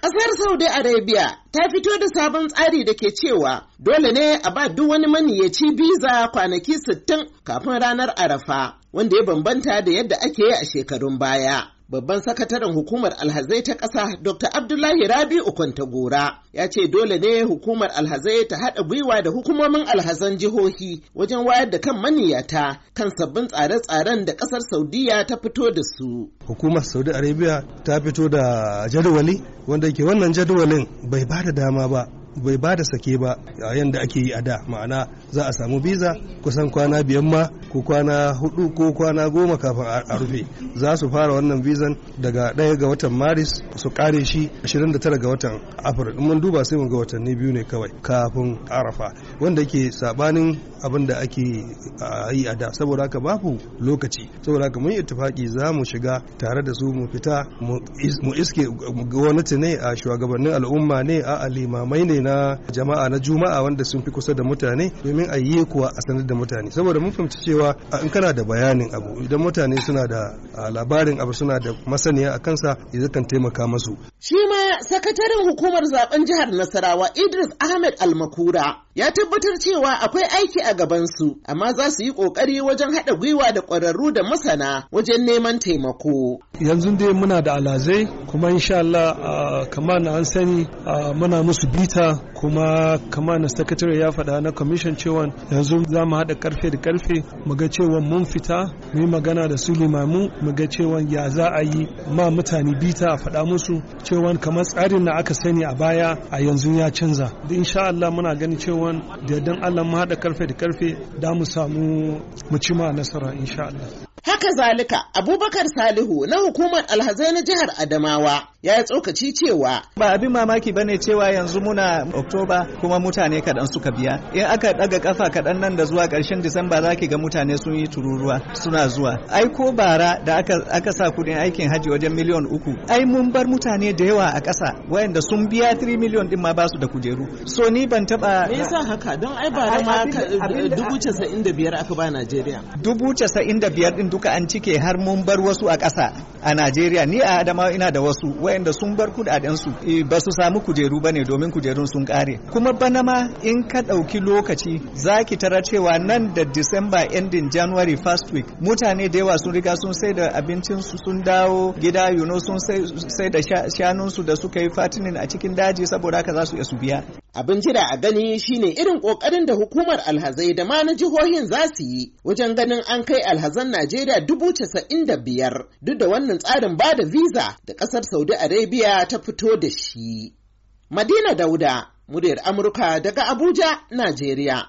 Ƙasar Saudi Arabia ta fito da sabon tsari da ke cewa dole ne a ba duk wani maniyaci biza kwanaki 60 kafin ranar Arafa, wanda ya bambanta da yadda ake yi a shekarun baya. babban sakataren hukumar alhazai ta ƙasa dr abdullahi rabi'u kwantagora ya ce dole ne hukumar alhazai ta haɗa gwiwa da hukumomin alhazan jihohi wajen wayar da kan maniyata kan sabbin tsare-tsaren da ƙasar saudiya ta fito da su hukumar saudi arabia ta fito da jadawali wanda ke wannan jadawalin bai ba da dama ba bai ba da sake ba yayin da ake yi a da ma'ana za a samu biza kusan kwana biyan ma ko kwana hudu ko kwana goma kafin a rufe za su fara wannan bizan daga ɗaya ga watan maris su kare shi 29 ga watan afirka in mun duba sai mun ga watanni biyu ne kawai kafin arafa wanda ke sabanin abin da ake yi a da saboda haka babu lokaci saboda haka mun ittifaki za mu shiga tare da su mu fita mu iske gwamnati ne a shugabannin al'umma ne a limamai ne kawai na jama'a na juma'a wanda sun fi kusa da mutane domin a yi kuwa a sanar da mutane saboda mun fahimci cewa in kana da bayanin abu idan mutane suna da labarin abu suna da masaniya a kansa ya kan taimaka masu shi ma sakataren hukumar zaben jihar nasarawa idris ahmed almakura ya tabbatar cewa akwai aiki a gabansu amma za su yi ƙoƙari wajen haɗa gwiwa da ƙwararru da masana wajen neman taimako. Yanzu dai muna da alazai kuma insha Allah kamar na an sani muna musu bita kuma kamar na sakatare ya faɗa na commission cewa yanzu za mu haɗa karfe da karfe mu ga cewa mun fita mu yi magana da su limamu mu ga cewa ya za a yi ma mutane bita a faɗa musu cewa kamar tsarin da aka sani a baya a yanzu ya canza. Insha Allah muna ganin cewa neman da Allah mu haɗa karfe da karfe da mu samu mu cima nasara insha Allah. Haka zalika Abubakar Salihu na hukumar alhazai na jihar Adamawa ya yi tsokaci cewa ba abin mamaki bane cewa yanzu muna Oktoba kuma mutane kaɗan suka biya in aka ɗaga kafa kaɗan nan da zuwa ƙarshen Disamba za ki ga mutane sun yi tururuwa suna zuwa ai ko bara da aka, aka sa kuɗin aikin hajji wajen miliyon uku ai mun bar mutane da yawa a ƙasa wayanda sun biya 3 miliyon din ma ba su da kujeru so ni ban taɓa kan haka don ai ba ma dubu casa'in da biyar aka ba Najeriya. Dubu casa'in da biyar din duka an cike har mun bar wasu a ƙasa a Najeriya ni a Adamawa ina da wasu wayanda sun bar kuɗaɗensu e, ba su samu kujeru ba ne domin kujerun sun ƙare. Kuma bana ma in ka ɗauki lokaci za ki tara cewa nan da December ending January first week mutane da yawa sun riga sun sai da abincinsu sun dawo gida una sun sai da shanunsu da suka yi fatinin a cikin daji saboda haka za su iya su biya. Abin jira a gani shine irin ƙoƙarin da hukumar alhazai da ma na jihohin za su yi wajen ganin an kai alhazan Najeriya dubu casa'in da biyar duk da wannan tsarin ba da visa da ƙasar Saudi Arabia ta fito da shi. Madina Dauda, muryar Amurka daga Abuja, Najeriya.